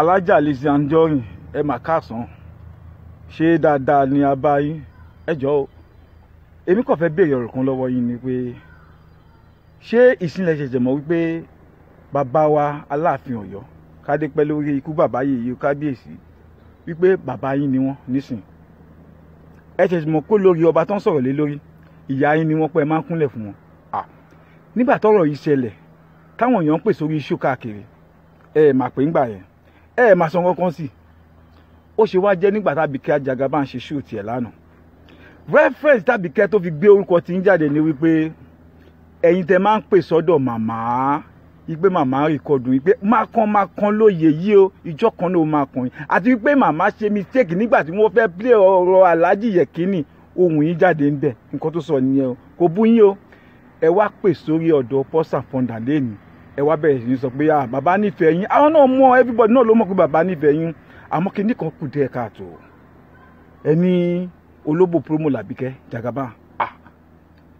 alájà Lizzy Anjorin ẹ mà káàsán ṣé dáadáa ni a bá yín ẹ jọ̀ọ́ èmi kàn fẹ́ béèrè ọ̀rọ̀ kan lọ́wọ́ yín ni pé ṣé ìsinlẹ̀ ṣẹ̀ṣẹ̀ mọ̀ wípé bàbá wa aláàfin Ọ̀yọ́ kádé pẹ́ lórí ikú bàbá yèyé kábíyèsí wípé bàbá yín ni wọ́n nísìn ẹ ṣẹ̀ṣẹ̀ mọ̀ kó lórí ọba tó ń sọ̀rọ̀ lé lórí ìyá yín ni wọ́n pẹ́ máa ń kúnlẹ̀ fún wọn nígbà tọ́rọ̀ yìí ṣẹlẹ̀ táwọn èèyàn pè sórí iṣu káàkiri ẹ mà pé ń gbà yẹn ẹ ẹ máa san kankan sí i ó ṣe wá jẹ́ nígbà tábìkẹ́ àjàgà bá ń ṣe ṣúùtì ẹ̀ lánàá reference tábìkẹ́ tó fi gbé orúkọ tí ń jáde ni wípé ẹ̀yin tẹ máa ń pè sọ́dọ̀ màmá ipe màmá rìkọdùn ipe makan makan lóye yìí o ìjọ kan ló máa kàn yín àti wípé màmá ṣe mistake nígbà tí wọ́n fẹ́ẹ́ play ọ̀rọ̀ aláàjì yẹ̀kínì ohun yín jáde ń bẹ̀ nǹkan tó sọ nìyẹn o kò bú yín o ẹ wá pè sórí ọ̀dọ̀ pọ́sà fọ́ndà lẹ́nu ẹ wá bẹ̀rẹ̀ sí sọ pé ah bàbá nífẹ̀ẹ́ yín àwọn náà mọ̀ everybody náà ló mọ̀ pé bàbá nífẹ̀ẹ́ yín àmọ́ kinní kan kù díẹ̀ káàtó ẹni olóbò promo làbíkẹ́ jagaba ah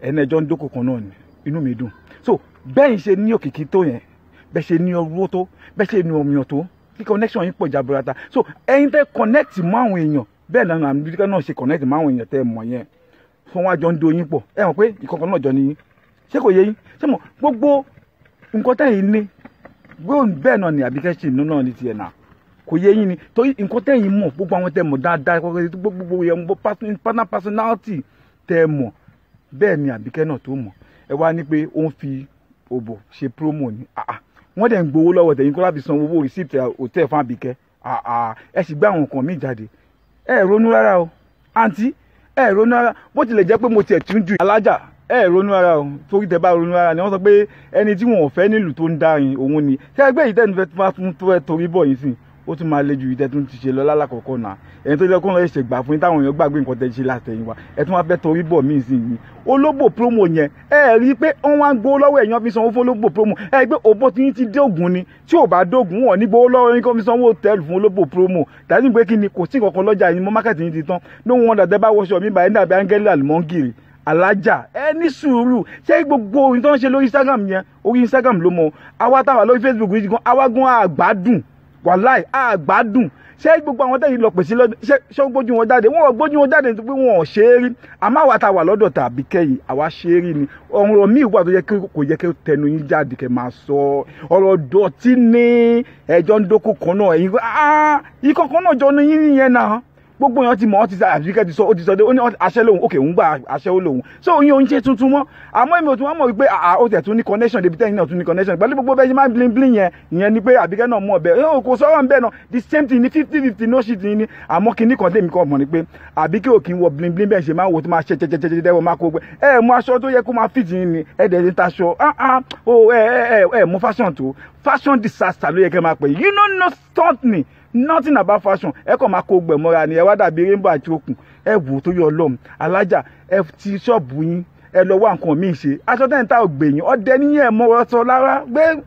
ẹni ẹjọ́ ń dókò kan náà ni inú mi dùn so bẹ́ẹ̀ ṣe ní òkìkí tó yẹn bẹ́ẹ̀ ṣe ní ọrú tó bẹ́ẹ̀ ṣe ní ọmọ tó kí connection yín pọ̀ jaburata so ẹ̀yin tẹ́ connect mọ́ àwọn èèyàn bẹ́ẹ̀ lànà àmì náà ṣe connect mọ́ àwọn èèyàn tẹ́ mọ̀ yẹn fún wọn àjọ ń do yín pọ̀ ẹ mọ̀ pé ìkọ̀kan náà jọ nìyí ṣé kò yé yín ṣé mo gbogbo nǹkan tẹ̀yìn ní bẹ́ẹ̀ náà ni àbíkẹ́ ṣì nínú náà ní tiẹ̀ náà kò yé yín ni torí nǹkan tẹ̀yìn mọ̀ gbogbo àwọn tẹ̀ mọ̀ dáadáa gbogbo yẹn gbogbo partner personality tẹ̀ mọ̀ bẹ́ẹ̀ ni àbíkẹ́ náà tó mọ̀ ẹ wá ní pé ó ń fi òbò ṣe promo ni wọ́n dẹ̀ ń gbowó lọ́wọ́ tẹ̀yìn kó láti san owó receipt hotel fún àbíkẹ́ ẹ sì gbá àwọn nǹkan míì jáde ẹ ronú rárá o àǹtí ẹ ronú rárá bó tilẹ̀ jẹ́ pé mo tiẹ̀ tún ju alájà ẹ ronú ara o torí tẹ bá ronú ara ni wọn sọ pé ẹni tí wọn ò fẹ́ nílùú tó ń dá òun ni ṣé ẹgbẹ́ yìí tẹnu fẹ́ máa tún tó ẹ torí bọ̀ yín sìn ó tún máa le ju ìtẹ́ tún ti ṣe lọ lálàkọ̀ọ́kọ́ náà ẹni tó lọ kó lọ ṣe gbà fún yín táwọn èèyàn gbàgbé nǹkan tẹ́ ṣe látẹ̀yìn wa ẹ tún wá fẹ́ torí bọ̀ míì sí yín olóbò promo yẹn ẹ rí i pé wọn wá ń gbowó lọ́wọ́ èèyàn fi sanwó fún olóbò promo ẹ rí i pé òbó tí yín ti dé ògùn ni tí ò bá dógùn wọn ní gbowó lọ́wọ́ yín kó fi sanwó hòtẹ́ẹ̀lì fún olóbò promo dájú pé kí ni kò sí nǹkan kan lọ́jà yín mọ́ mákẹ́tì yín ti tán ní wọn dàdẹ́ bá wọṣọ mi báyìí dàbí áńgẹ́lì àlùmọ́ngìrì alájà ẹ ní sùúrù ṣé gbogbo ohun tó ń ṣe lórí instagram yẹn orí instagram ló mọ àwa táwa lórí facebook yìí gan awágún àgbádùn wàláì àgbádùn ṣé gbogbo àwọn tẹ̀yìn lọ pèsè lọ́dọ̀ ṣé ó gbójú wọn jáde wọn ò gbójú wọn jáde nítorí wọn ò ṣe é rí àmọ́ àwa táwa lọ́dọ̀ tàbí kẹ́yìn àwa ṣe é rí ni ọ̀rọ̀ míì wà tó yẹ kó yẹ kó tẹnu yín jáde kẹ́ máa sọ ọ̀rọ̀ dọ̀tí ní ẹjọ́ ń dókòkò náà ẹ̀yìn ah, ikọ̀ kan náà jọ ní yín nìyẹn náà gbogbo èèyàn ti mọ̀ ọ́ ti sa àbíkẹ́ ti sọ ó ti sọ dé ó ní aṣẹ́ lòun òkè òun gba aṣẹ́ ó lòun so òun yóò ń ṣe tuntun mọ́ àmọ́ èmi ò tún wá mọ̀ wípé àà ó tẹ̀ tún ní connection débi tẹ́yìn náà tún ní connection pẹ̀lú gbogbo bẹ́ẹ̀ ṣe máa ń bling bling yẹn ìyẹn ni pé àbíkẹ́ náà mọ̀ bẹ́ẹ̀ ó kò sọ̀rọ̀ bẹ́ẹ̀ náà the same thing ni fifty fifty no shit ni àmọ́ kinní kan tèmi kan mọ̀ ni pé àbíkẹ́ ò kí ń wọ bling bling bẹ́ẹ̀ ṣe máa ń wo tó máa ṣe tẹ́tẹ́tẹ́tẹ́ wọ́n máa kó gbẹ ẹ mú fashion disaster ló yẹ kẹ́ máa pè you know no me nothing about fashion ẹ kàn máa kó gbẹ̀mọ́ra ni ẹ wá dàbí rainbow àti okùn ẹ wò ó tó yọ ọlọ́run alájà ẹ ti ṣọ́ọ̀bù yín ẹ lọ wá mi ṣe aṣọ tẹ́ǹtà ògbè yín ọdẹ níyẹn mọ́ sọ lára gbé.